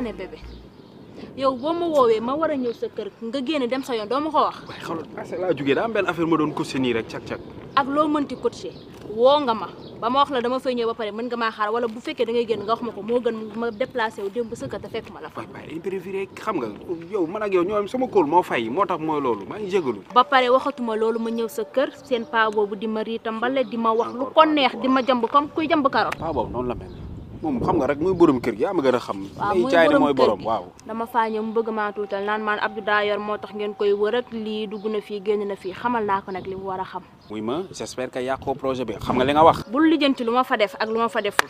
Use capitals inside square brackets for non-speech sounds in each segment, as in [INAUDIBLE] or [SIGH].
ma ne bébé yow boo ma woowee ma war a ñëw sa kër nga génn dem sa yoon doo ma ko wax. waaye xamal parce ah, que laa jugee daa am doon coaché nii rek cak cak. ak loo mënti ma ba ma wax la dama fay ñëw ba pare mën nga maa xaar wala bu fekkee da ngay génn nga wax ma ko moo gën ma déplacé wu démb sa fekk ma la fa. waaw imprévu rek nga yow man sama kóol moo fay moo tax mooy loolu maa ngi jégalu. ba pare waxatuma loolu ma ñëw sa kër seen paa boobu di ma riita mbale di ma wax lu ko neex di ma jamb comme kuy jamb karoot. paa boobu noonu moom xam nga rek mooy borom kër gi yaa ma gën a xam. waaw muy borom kër gi mooy borom waaw. dama faa ñëw mu bëgg maa tuutal naan maan Abdou daa yor moo tax ngeen koy wër ak lii dugg na fii génn na fii xamal naa ko nag li war a xam. muy ma j'espère projet bi xam nga li nga wax. bul lijjanti lu ma fa def ak lu ma fa deful.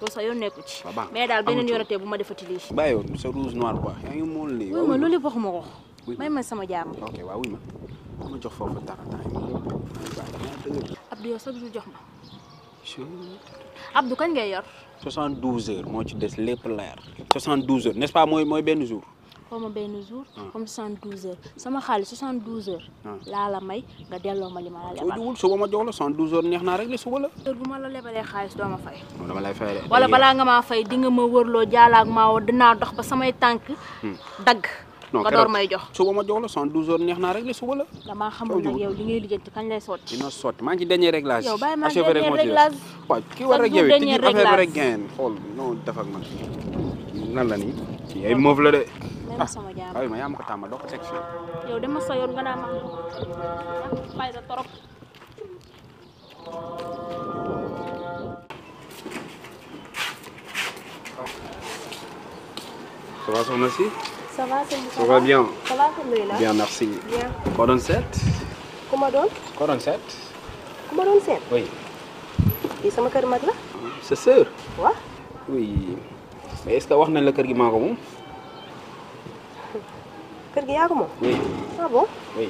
loolu sax yoon nekku ci. mais daal beneen yoratee bu ma defati lii. bàyyi woon sa rouge noir quoi yaa ngi ma loolu yëpp waxuma ko. ma sama jaam. waaw wuy foofu dara temps yi ma yow sax du jox ma Abdou kañ ngay yor. 72 heures moo ci des lépp leer. 72 heures n'est-ce pas mooy mooy benn jour. comme benn jour. Ah. comme 72 heures sama xaalis 72 heures. Ah. laa la may nga delloo ma ma la lebal. suba ma jox la 72 heures neex naa rek la suba la. heure bu ma la lebalee xaalis doo ma fay. dama wala balaa nga maa fay di nga ma wërloo jaalaak maa woo dinaa dox ba samay tànk hmm. dagg. non nga door may jox suba ma jox la 112 heures neex naa rek la suba la. damaa xamul nag yow li ngay liggéey kañ lay sotti. dina sotti maa ngi ci réglage. yow bàyyi maa ngi dernier réglage. waaw kii war rek yow it tijji affaire rek ngeen xool non def ak man. nan la nii ci ay moof la de. ah ma yaa ko tàmma doo teg fii. yow yoon nga naa ma fay sa torop. ça va soxna si. Ça va, ça, ça va, bien. Ça va, là. Bien, merci. Bien. Cordon 7. Comment donc Cordon 7. Comment donc 7 Oui. Et ça m'a fait là C'est sûr. Quoi Oui. Mais est-ce que vous avez dit que vous avez kër gi yaa ko moom. oui ah bon. oui.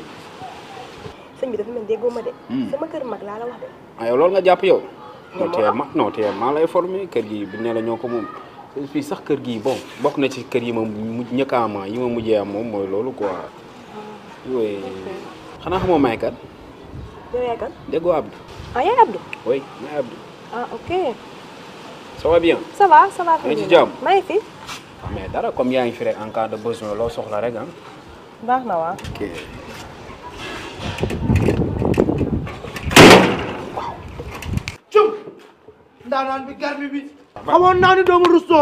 sëñ bi dafa mel déggoo ma de. Hmm. sama kër mag laa la wax de. ah yow loolu nga jàpp yow. non non non tey mag non tey maa lay formé kër gi bi ne la ñoo fii sax kër gii bon bokk na ci kër yi ma mu ñëkk a am yi ma mujjee am moom mooy loolu quoi. Ah, oui xanaa xamoo may déggoo Abdou. ah yaay Abdou. oui yaay Abdou. ah ok. ça va bien. ça va ça va. maa fi. Ah, mais dara comme yaa ngi fi rek en cas de besoin loo soxla rek ah. baax na waaw. ok. waaw. Cum. bi garmi bi. xamoon naa ni doomu russo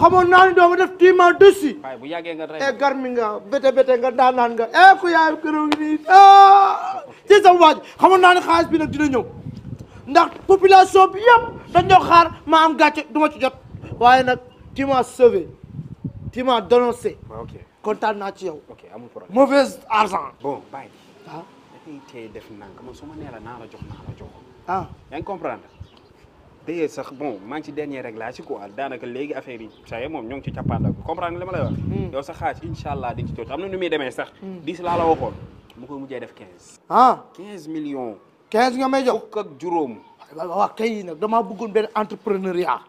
xamoon naa ni doomu def tiima dessi bu yàggee nga e gar nga bété bété nga daanaan nga e ku yaay këréw gi nii ah, ci sama waaj xamoon naa ni xaalis bi nag dina ñëw ndax population bi yëpp dañoo xaar ma am gàcce du ma ci jot waaye nag tu m'as sauvé tu m'as ah, naa ci yow amul problème mauvaise argent bon bàyyi ah dafay nee la naa la jox ah. dayee sax bon maa ngi ci dernier réglage quoi daanaka léegi affaire yi saye moom ñoo ngi ci cappaandaw bi comprendre nga li ma lay wax hmm. allah di ci jot am na nu muy demee sax hmm. dix laa la waxoon mu koy mujjee def quinze ah quinze millions quinze nga may jox fukk ak juróom waaw kay nag damaa bëggoon benn entrepreneuriat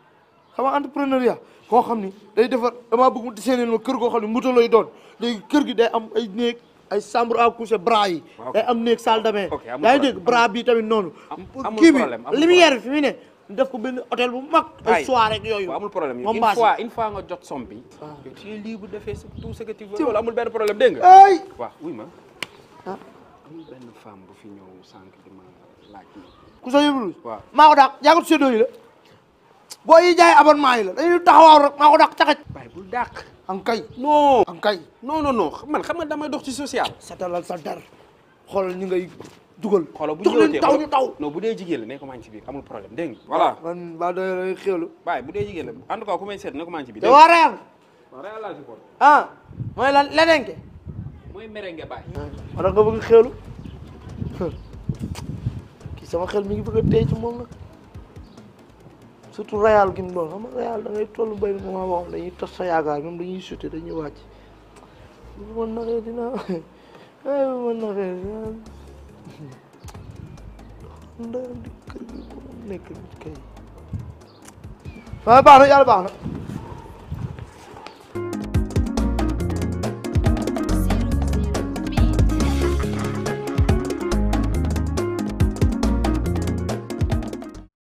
xam nga entrepreneuriat koo xam ni day defar damaa bëgg mu seeneen ma kër goo xam ne moto lay doon léegi gi day am ay néeg ay chambre à coucher bras yi day am néeg salle de bain yaa ngi dégg bras bi tamit noonu kii bi lumière bi fi mu ne def ko ben hôtel bu mak ay soirée ak yoyu amul problème une fois une fois nga jot som bi. ci yow tu es libre de faire tout ce que tu veux. loolu amul ben problème deng nga. ay waaw wuy ma. Ah. amul ben femme bu fi ñew sank di ma laaj. ku sa yëngu. waaw maa dak dàq yaa ngi séddoo yi la. bo yi jaay abonnement yi la dañu taxawaw rek maa ko dàq caxaj. waaye bul dàq. kay. non ang kay. non non non man xam nga damay dox ci social. satalal sa dar xol ñu ngay. dugal xoolal bu ñu ñëwatee taw ñu taw non bu dee jigéen la ne ko maa ngi ci biir amul problème dégg nga voilà man ba doy xéwlu waaye bu dee jigéen la en tout cas ku may seet ne ko maa ngi ci biir te waa Real waa Real laa support ah mooy lan leneen ke mooy merengue baay wala nga bëgg xéwlu kii sama xel mi ngi bëgg a tey ci moom nag surtout Real gi mu doon xam nga Real da ngay toll béy moment boo xam dañuy tas sa yaakaar même dañuy sute dañuy wàcc bu ma naxee dina ay [LAUGHS] bu ma naxee Nak dekat, nak dekat. Bang, bang, jalan bang.